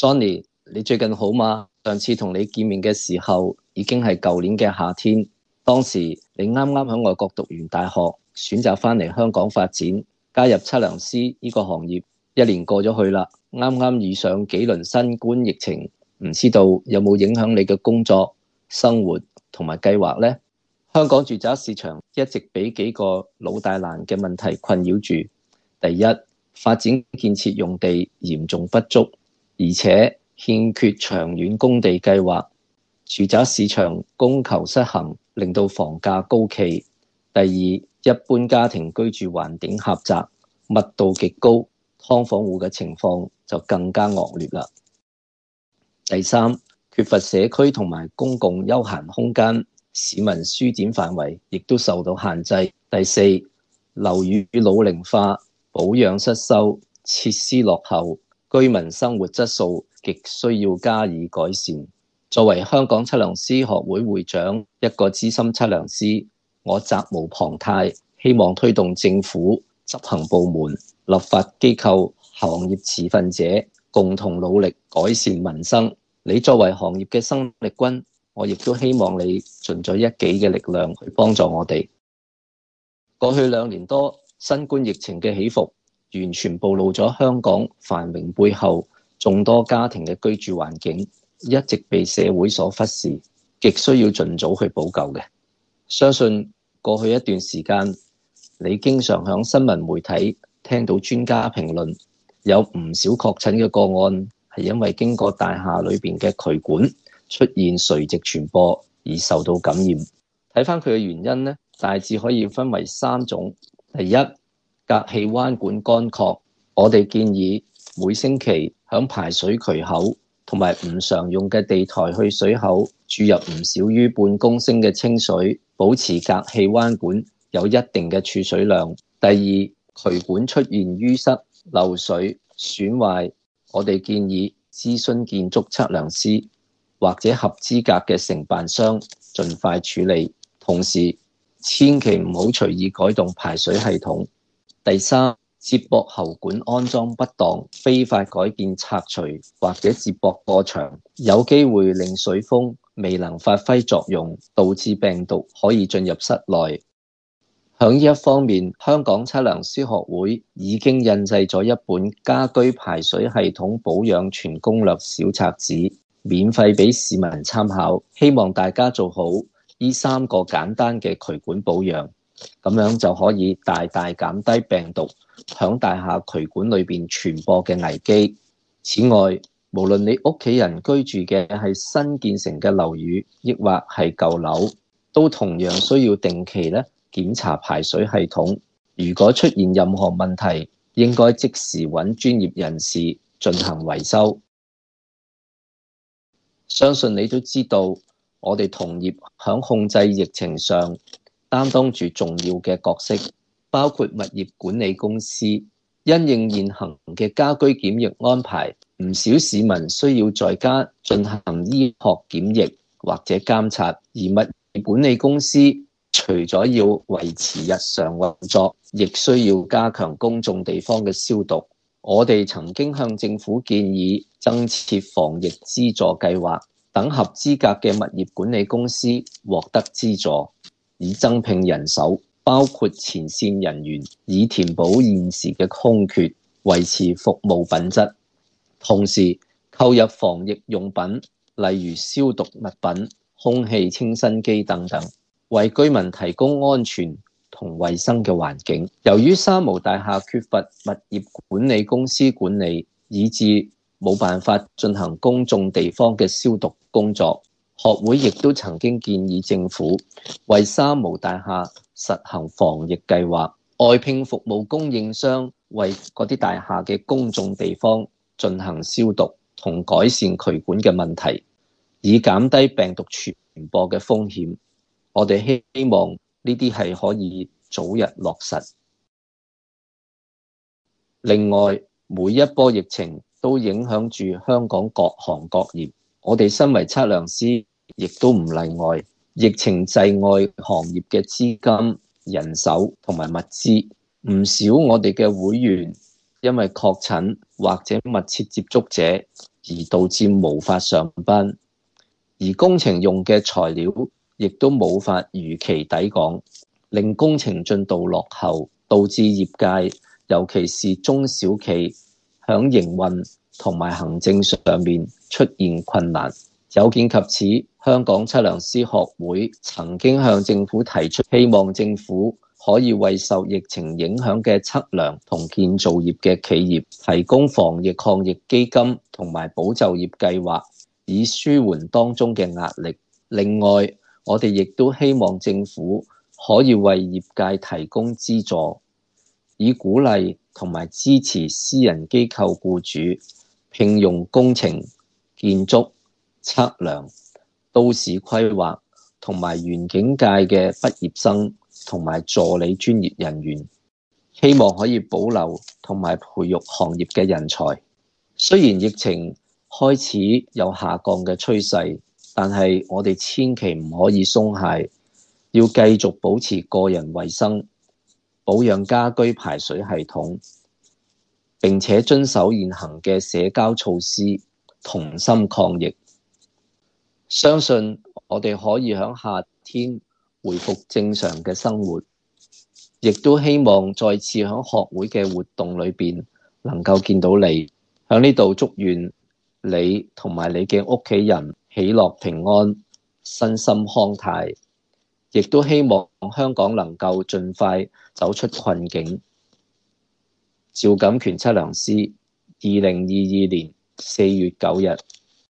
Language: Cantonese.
Sony，你最近好嗎？上次同你見面嘅時候，已經係舊年嘅夏天。當時你啱啱喺外國讀完大學，選擇翻嚟香港發展，加入測量師呢個行業。一年過咗去啦，啱啱遇上幾輪新冠疫情，唔知道有冇影響你嘅工作、生活同埋計劃呢？香港住宅市場一直俾幾個老大難嘅問題困擾住。第一，發展建設用地嚴重不足。而且欠缺長遠供地計劃，住宅市場供求失衡，令到房價高企。第二，一般家庭居住環境狹窄，密度極高，劏房戶嘅情況就更加惡劣啦。第三，缺乏社區同埋公共休閒空間，市民舒展範圍亦都受到限制。第四，樓宇老齡化、保養失修、設施落後。居民生活質素極需要加以改善。作為香港測量師學會會長，一個資深測量師，我責無旁貸，希望推動政府、執行部門、立法機構、行業持份者共同努力改善民生。你作為行業嘅生力軍，我亦都希望你盡咗一己嘅力量去幫助我哋。過去兩年多，新冠疫情嘅起伏。完全暴露咗香港繁榮背後眾多家庭嘅居住環境，一直被社會所忽視，極需要盡早去補救嘅。相信過去一段時間，你經常響新聞媒體聽到專家評論，有唔少確診嘅個案係因為經過大廈裏邊嘅渠管出現垂直傳播而受到感染。睇翻佢嘅原因呢，大致可以分為三種，第一。隔氣彎管乾涸，我哋建議每星期響排水渠口同埋唔常用嘅地台去水口注入唔少於半公升嘅清水，保持隔氣彎管有一定嘅儲水量。第二，渠管出現淤塞、漏水、損壞，我哋建議諮詢建築測量師或者合資格嘅承辦商，盡快處理。同時，千祈唔好隨意改動排水系統。第三，接駁喉管安裝不當、非法改建、拆除或者接駁過長，有機會令水封未能發揮作用，導致病毒可以進入室內。響呢一方面，香港測量師學會已經印製咗一本《家居排水系統保養全攻略》小冊子，免費俾市民參考。希望大家做好呢三個簡單嘅渠管保養。咁樣就可以大大減低病毒響大廈渠管裏邊傳播嘅危機。此外，無論你屋企人居住嘅係新建成嘅樓宇，抑或係舊樓，都同樣需要定期咧檢查排水系統。如果出現任何問題，應該即時揾專業人士進行維修。相信你都知道，我哋同業響控制疫情上，擔當住重要嘅角色，包括物業管理公司。因應現行嘅家居檢疫安排，唔少市民需要在家進行醫學檢疫或者監察，而物業管理公司除咗要維持日常運作，亦需要加強公眾地方嘅消毒。我哋曾經向政府建議增設防疫資助計劃，等合資格嘅物業管理公司獲得資助。以增聘人手，包括前線人員，以填補現時嘅空缺，維持服務品質；同時購入防疫用品，例如消毒物品、空氣清新機等等，為居民提供安全同衛生嘅環境。由於三無大廈缺乏物業管理公司管理，以致冇辦法進行公眾地方嘅消毒工作。學會亦都曾經建議政府為三無大廈實行防疫計劃，外聘服務供應商為嗰啲大廈嘅公眾地方進行消毒同改善渠管嘅問題，以減低病毒傳播嘅風險。我哋希望呢啲係可以早日落實。另外，每一波疫情都影響住香港各行各業。我哋身為測量師。亦都唔例外，疫情制外行業嘅資金、人手同埋物資，唔少我哋嘅會員因為確診或者密切接觸者而導致無法上班，而工程用嘅材料亦都無法如期抵港，令工程進度落後，導致業界，尤其是中小企響營運同埋行政上面出現困難。有見及此，香港測量師學會曾經向政府提出，希望政府可以為受疫情影響嘅測量同建造業嘅企業提供防疫抗疫基金同埋保就業計劃，以舒緩當中嘅壓力。另外，我哋亦都希望政府可以為業界提供資助，以鼓勵同埋支持私人機構僱主，聘用工程建築。測量、都市規劃同埋遠景園景界嘅畢業生同埋助理專業人員，希望可以保留同埋培育行業嘅人才。雖然疫情開始有下降嘅趨勢，但係我哋千祈唔可以鬆懈，要繼續保持個人衛生、保養家居排水系統，並且遵守現行嘅社交措施，同心抗疫。相信我哋可以響夏天回復正常嘅生活，亦都希望再次喺學會嘅活動裏邊能夠見到你。喺呢度祝願你同埋你嘅屋企人喜樂平安、身心康泰，亦都希望香港能夠盡快走出困境。趙錦權測量師，二零二二年四月九日。